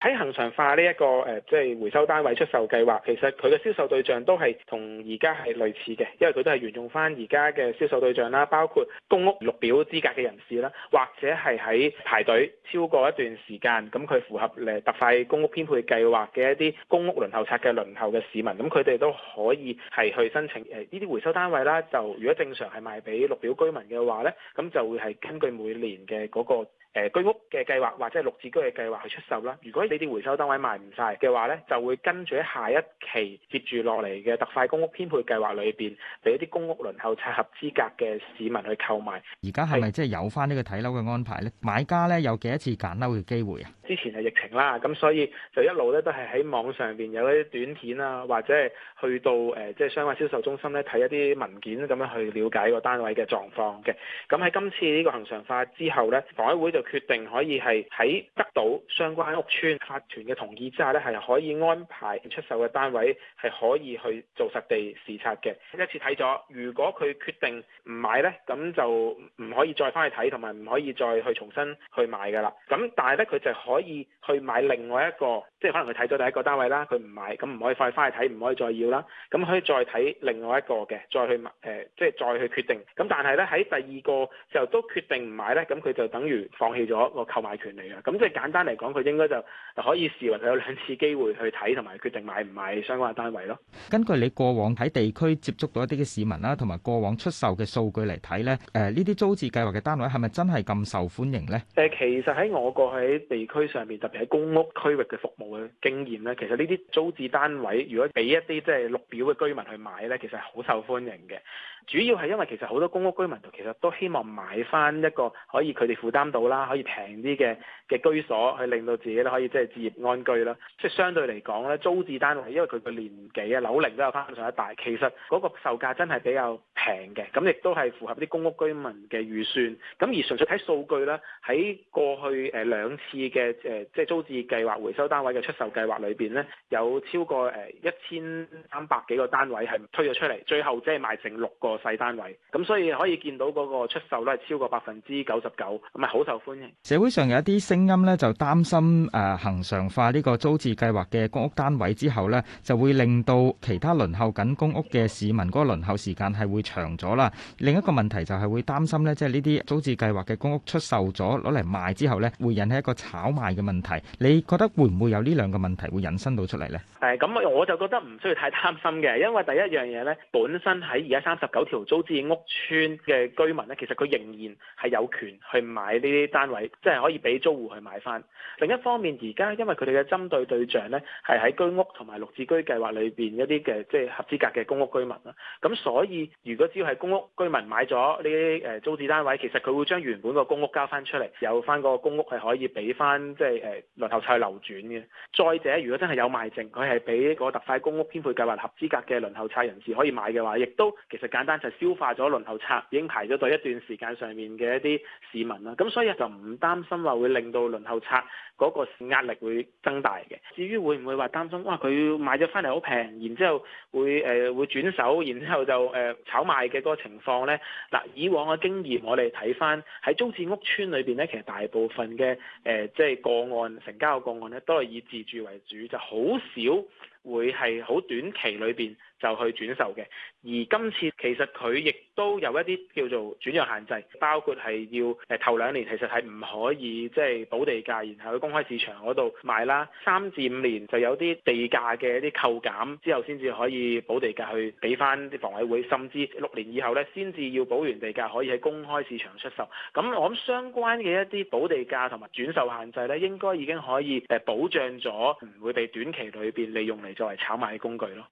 喺恒常化呢一個誒，即係回收單位出售計劃，其實佢嘅銷售對象都係同而家係類似嘅，因為佢都係沿用翻而家嘅銷售對象啦，包括公屋綠表資格嘅人士啦，或者係喺排隊超過一段時間，咁佢符合誒特快公屋編配計劃嘅一啲公屋輪候冊嘅輪候嘅市民，咁佢哋都可以係去申請誒呢啲回收單位啦。就如果正常係賣俾綠表居民嘅話呢，咁就會係根據每年嘅嗰個，誒居屋嘅計劃或者係綠置居嘅計劃去出售啦。如果你啲回收單位賣唔晒嘅話咧，就會跟住喺下一期接住落嚟嘅特快公屋編配計劃裏邊，俾一啲公屋輪候拆合資格嘅市民去購買。而家係咪即係有翻呢個睇樓嘅安排咧？買家咧有幾多次揀樓嘅機會啊？之前係疫情啦，咁所以就一路咧都係喺網上邊有啲短片啊，或者係去到誒即係相關銷售中心咧睇一啲文件咁樣去了解個單位嘅狀況嘅。咁喺今次呢個恒常化之後咧，房委會就決定可以係喺得到相關屋邨法團嘅同意之下咧，係可以安排出售嘅單位係可以去做實地視察嘅。一次睇咗，如果佢決定唔買咧，咁就唔可以再返去睇，同埋唔可以再去重新去買㗎啦。咁但係咧佢就可。可以去買另外一個，即係可能佢睇咗第一個單位啦，佢唔買，咁唔可以快去翻去睇，唔可以再要啦。咁可以再睇另外一個嘅，再去誒、呃，即係再去決定。咁但係咧喺第二個時候都決定唔買咧，咁佢就等於放棄咗個購買權利喇。咁即係簡單嚟講，佢應該就可以視為佢有兩次機會去睇同埋決定買唔買相關嘅單位咯。根據你過往喺地區接觸到一啲嘅市民啦，同埋過往出售嘅數據嚟睇咧，誒呢啲租置計劃嘅單位係咪真係咁受歡迎咧？誒、呃，其實喺我過去喺地區。上面特別喺公屋區域嘅服務嘅經驗咧，其實呢啲租置單位如果俾一啲即係綠表嘅居民去買咧，其實係好受歡迎嘅。主要係因為其實好多公屋居民其實都希望買翻一個可以佢哋負擔到啦，可以平啲嘅嘅居所，去令到自己都可以即係置業安居啦。即係相對嚟講咧，租置單位因為佢嘅年紀啊、樓齡都有翻上一大，其實嗰個售價真係比較平嘅，咁亦都係符合啲公屋居民嘅預算。咁而純粹睇數據咧，喺過去誒、呃、兩次嘅。誒，即係租置計劃回收單位嘅出售計劃裏邊咧，有超過誒一千三百幾個單位係推咗出嚟，最後只係賣成六個細單位，咁所以可以見到嗰個出售都係超過百分之九十九，咁係好受歡迎。社會上有一啲聲音咧，就擔心誒，恆常化呢個租置計劃嘅公屋單位之後咧，就會令到其他輪候緊公屋嘅市民嗰個輪候時間係會長咗啦。另一個問題就係會擔心咧，即係呢啲租置計劃嘅公屋出售咗攞嚟賣之後咧，會引起一個炒嘅問題，你覺得會唔會有呢兩個問題會引申到出嚟呢？咁，我就覺得唔需要太擔心嘅，因為第一樣嘢呢，本身喺而家三十九條租置屋村嘅居民呢，其實佢仍然係有權去買呢啲單位，即係可以俾租戶去買翻。另一方面，而家因為佢哋嘅針對對象呢，係喺居屋同埋綠置居計劃裏面一啲嘅即係合資格嘅公屋居民啦。咁所以，如果只要係公屋居民買咗呢啲租置單位，其實佢會將原本公個公屋交翻出嚟，有翻個公屋係可以俾翻。即係誒輪候冊流轉嘅，再者如果真係有賣剩，佢係俾個特快公屋編配計劃合資格嘅輪候冊人士可以買嘅話，亦都其實簡單就係消化咗輪候冊已經排咗在一段時間上面嘅一啲市民啦。咁所以就唔擔心話會令到輪候冊嗰個壓力會增大嘅。至於會唔會話擔心哇，佢買咗翻嚟好平，然之後會誒、呃、會轉手，然之後就誒、呃、炒賣嘅嗰個情況呢。嗱、呃，以往嘅經驗我哋睇翻喺租置屋村裏邊呢，其實大部分嘅誒即係個案成交嘅個案咧，都係以自住為主，就好少。會係好短期裏面就去轉售嘅，而今次其實佢亦都有一啲叫做轉讓限制，包括係要誒頭兩年其實係唔可以即係補地價，然後去公開市場嗰度買啦，三至五年就有啲地價嘅一啲扣減之後先至可以補地價去俾翻啲房委會，甚至六年以後呢先至要補完地價可以喺公開市場出售。咁我諗相關嘅一啲補地價同埋轉售限制呢，應該已經可以誒保障咗唔會被短期裏面利用嚟。作為炒賣嘅工具咯。